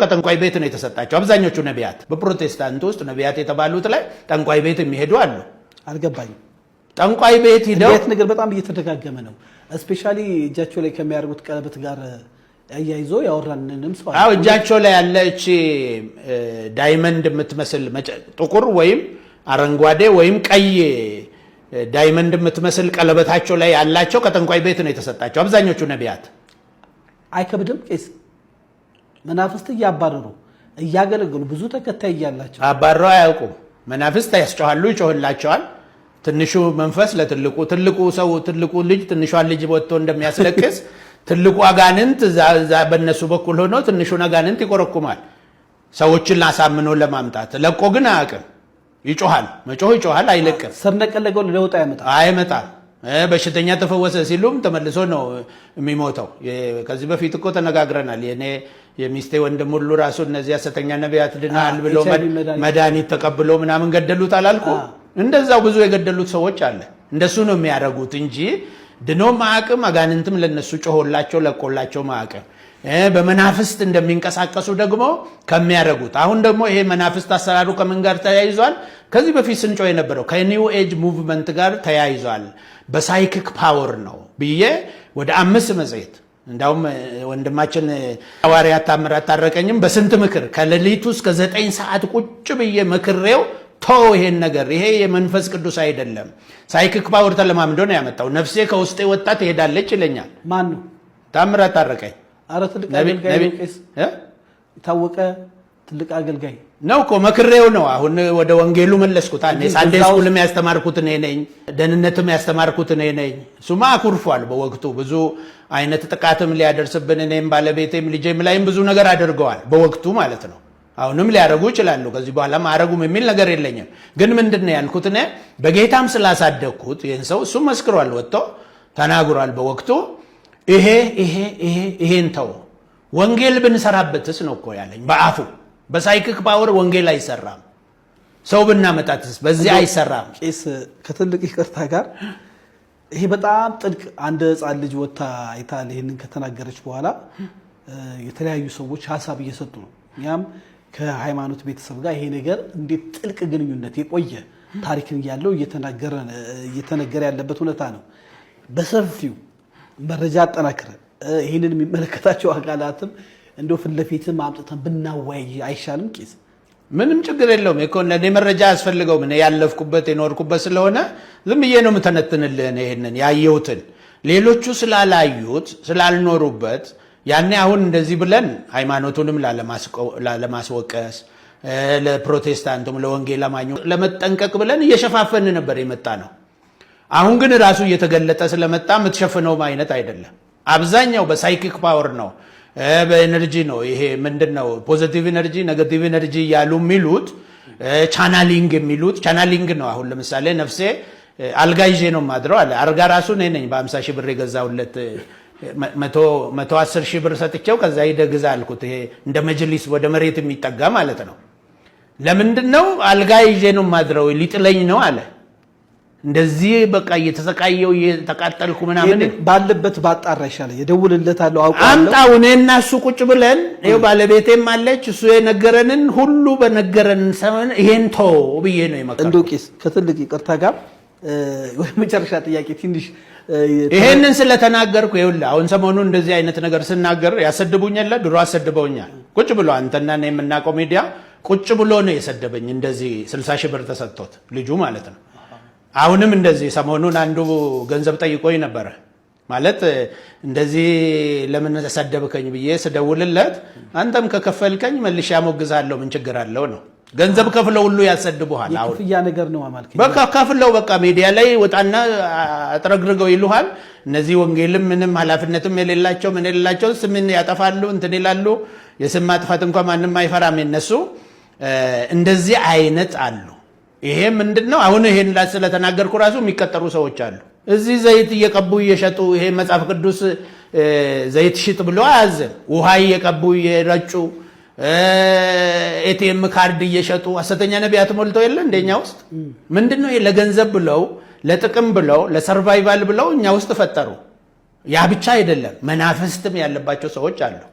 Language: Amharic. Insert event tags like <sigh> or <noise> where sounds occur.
ከጠንቋይ ቤት ነው የተሰጣቸው። አብዛኞቹ ነቢያት በፕሮቴስታንት ውስጥ ነቢያት የተባሉት ላይ ጠንቋይ ቤት የሚሄዱ አሉ። አልገባኝም። ጠንቋይ ቤት ሂደው ነገር በጣም እየተደጋገመ ነው። እስፔሻሊ እጃቸው ላይ ከሚያደርጉት ቀለበት ጋር አያይዞ ያወራንንም ሰው አዎ፣ እጃቸው ላይ ያለች ዳይመንድ የምትመስል ጥቁር ወይም አረንጓዴ ወይም ቀይ ዳይመንድ የምትመስል ቀለበታቸው ላይ ያላቸው ከጠንቋይ ቤት ነው የተሰጣቸው አብዛኞቹ ነቢያት። አይከብድም ቄስ መናፍስት እያባረሩ እያገለገሉ ብዙ ተከታይ እያላቸው አባረው አያውቁም። መናፍስት ያስጮኋሉ፣ ይጮህላቸዋል። ትንሹ መንፈስ ለትልቁ ትልቁ ሰው ትልቁ ልጅ ትንሿን ልጅ ወጥቶ እንደሚያስለቅስ <laughs> ትልቁ አጋንንት በነሱ በኩል ሆኖ ትንሹን አጋንንት ይቆረኩማል ሰዎችን አሳምኖ ለማምጣት። ለቆ ግን አያውቅም። ይጮሃል፣ መጮህ ይጮሃል፣ አይለቅም። ስር ነቀል ለውጥ አይመጣም። በሽተኛ ተፈወሰ ሲሉም ተመልሶ ነው የሚሞተው። ከዚህ በፊት እኮ ተነጋግረናል። የኔ የሚስቴ ወንድም ሁሉ ራሱ እነዚህ ሐሰተኛ ነቢያት ድናል ብሎ መድኃኒት ተቀብሎ ምናምን ገደሉት አላልኩ? እንደዛው ብዙ የገደሉት ሰዎች አለ። እንደሱ ነው የሚያደርጉት እንጂ ድኖ ማዕቅም አጋንንትም ለነሱ ጮሆላቸው ለቆላቸው ማዕቅም በመናፍስት እንደሚንቀሳቀሱ ደግሞ ከሚያደርጉት አሁን ደግሞ ይሄ መናፍስት አሰራሩ ከምን ጋር ተያይዟል? ከዚህ በፊት ስንጮ የነበረው ከኒው ኤጅ ሙቭመንት ጋር ተያይዟል። በሳይክክ ፓወር ነው ብዬ ወደ አምስት መጽሔት እንዲሁም ወንድማችን ዋሪ አታምር ታረቀኝም በስንት ምክር ከሌሊቱ እስከ ዘጠኝ ሰዓት ቁጭ ብዬ ምክሬው ቶ ይሄን ነገር ይሄ የመንፈስ ቅዱስ አይደለም፣ ሳይክክ ፓወር ተለማምዶ ነው ያመጣው። ነፍሴ ከውስጤ ወጣ ትሄዳለች ይለኛል። ማን ነው? ታምር አታረቀኝ? አረ ትልቅ አገልጋይ ቄስ ትልቅ አገልጋይ ነው እኮ መክሬው ነው። አሁን ወደ ወንጌሉ መለስኩት። ሳንዴ ስኩልም ያስተማርኩት እኔ ነኝ፣ ደህንነትም ያስተማርኩት እኔ ነኝ። እሱማ አኩርፏል በወቅቱ ብዙ አይነት ጥቃትም ሊያደርስብን እኔም ባለቤቴም ልጄም ላይም ብዙ ነገር አድርገዋል በወቅቱ ማለት ነው። አሁንም ሊያደረጉ ይችላሉ። ከዚህ በኋላም አረጉም የሚል ነገር የለኝም። ግን ምንድን ነው ያልኩት እኔ በጌታም ስላሳደግኩት ይህን ሰው እሱም መስክሯል፣ ወጥቶ ተናግሯል በወቅቱ ይሄ ይሄ ይሄ ይሄን ተው ወንጌል ብንሰራበትስ ነው እኮ ያለኝ። በአፉ በሳይክክ ፓወር ወንጌል አይሰራም። ሰው ብናመጣትስ በዚህ አይሰራም። ቄስ ከትልቅ ይቅርታ ጋር ይሄ በጣም ጥልቅ አንድ ህፃን ልጅ ወታ አይታል። ይህንን ከተናገረች በኋላ የተለያዩ ሰዎች ሀሳብ እየሰጡ ነው። እኛም ከሃይማኖት ቤተሰብ ጋር ይሄ ነገር እንዴት ጥልቅ ግንኙነት የቆየ ታሪክን ያለው እየተነገረ ያለበት ሁኔታ ነው በሰፊው መረጃ አጠናክረን ይህንን የሚመለከታቸው አካላትም እንደው ፊት ለፊትም አምጥተን ብናወያይ አይሻልም? ቄስ ምንም ችግር የለውም እኮ እኔ መረጃ ያስፈልገው ምን ያለፍኩበት የኖርኩበት ስለሆነ ዝም ብዬ ነው የምተነትንልህን ይህንን ያየሁትን ሌሎቹ ስላላዩት ስላልኖሩበት ያኔ አሁን እንደዚህ ብለን ሃይማኖቱንም ላለማስወቀስ ለፕሮቴስታንቱም ለወንጌል ለመጠንቀቅ ብለን እየሸፋፈን ነበር የመጣ ነው። አሁን ግን ራሱ እየተገለጠ ስለመጣ የምትሸፍነውም አይነት አይደለም። አብዛኛው በሳይኪክ ፓወር ነው፣ በኤነርጂ ነው። ይሄ ምንድን ነው? ፖዘቲቭ ኤነርጂ፣ ነገቲቭ ኤነርጂ እያሉ የሚሉት ቻናሊንግ የሚሉት ቻናሊንግ ነው። አሁን ለምሳሌ ነፍሴ አልጋ ይዤ ነው ማድረው አለ። አልጋ ራሱ እኔ ነኝ በ50 ሺህ ብር የገዛሁለት መቶ አስር ሺህ ብር ሰጥቼው ከዛ ሂደህ ግዛ አልኩት። ይሄ እንደ መጅሊስ ወደ መሬት የሚጠጋ ማለት ነው። ለምንድን ነው አልጋ ይዤ ነው ማድረው ሊጥለኝ ነው አለ እንደዚህ በቃ እየተሰቃየው እየተቃጠልኩ ምናምን ባለበት ባጣራ ይሻለ የደውልለት አለው አውቀዋለሁ። አምጣው እኔ እና እሱ ቁጭ ብለን ይኸው ባለቤቴም አለች። እሱ የነገረንን ሁሉ በነገረን ሰመን ይሄን ቶ ብዬ ነው የመከረው። እንደው ቄስ ከትልቅ ይቅርታ ጋር ወይ መጨረሻ ጥያቄ ትንሽ ይሄንን ስለተናገርኩ ይኸውልህ፣ አሁን ሰሞኑን እንደዚህ አይነት ነገር ስናገር ያሰድቡኝ የለ ድሮ አሰድበውኛል። ቁጭ ብሎ አንተና እኔ የምናውቀው ሚዲያ ቁጭ ብሎ ነው የሰደበኝ። እንደዚህ 60 ሺህ ብር ተሰጥቶት ልጁ ማለት ነው አሁንም እንደዚህ ሰሞኑን አንዱ ገንዘብ ጠይቆኝ ነበረ። ማለት እንደዚህ ለምን ተሰደብከኝ ብዬ ስደውልለት አንተም ከከፈልከኝ መልሻ ሞግዛለሁ ምን ችግር አለው ነው። ገንዘብ ከፍለው ሁሉ ያሰድቡሃል። አሁን ነገር ነው በቃ ከፍለው በቃ ሚዲያ ላይ ወጣና አጥረግርገው ይሉሃል። እነዚህ ወንጌልም ምንም ኃላፊነትም የሌላቸው ምን የሌላቸው ስምን ያጠፋሉ እንትን ይላሉ። የስም ማጥፋት እንኳ ማንም አይፈራም የነሱ እንደዚህ አይነት አሉ። ይሄ ምንድን ነው? አሁን ይሄን ስለተናገርኩ ራሱ የሚቀጠሩ ሰዎች አሉ። እዚህ ዘይት እየቀቡ እየሸጡ ይሄ መጽሐፍ ቅዱስ ዘይት ሽጥ ብሎ አያዝም ውሃ እየቀቡ እየረጩ ኤቲኤም ካርድ እየሸጡ ሐሰተኛ ነቢያት ሞልተው የለ እንደኛ ውስጥ ምንድን ነው? ለገንዘብ ብለው ለጥቅም ብለው ለሰርቫይቫል ብለው እኛ ውስጥ ፈጠሩ። ያ ብቻ አይደለም፣ መናፍስትም ያለባቸው ሰዎች አሉ።